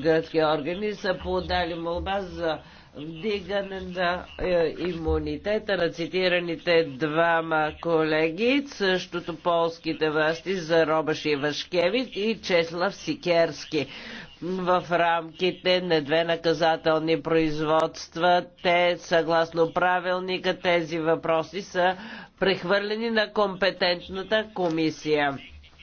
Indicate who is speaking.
Speaker 1: гръцки органи са подали молба за вдигане на е, имунитета на цитираните двама колеги, същото полските власти за Робаш Ивашкевич и Чеслав Сикерски. В рамките на две наказателни производства, те, съгласно правилника, тези въпроси са прехвърлени на компетентната
Speaker 2: комисия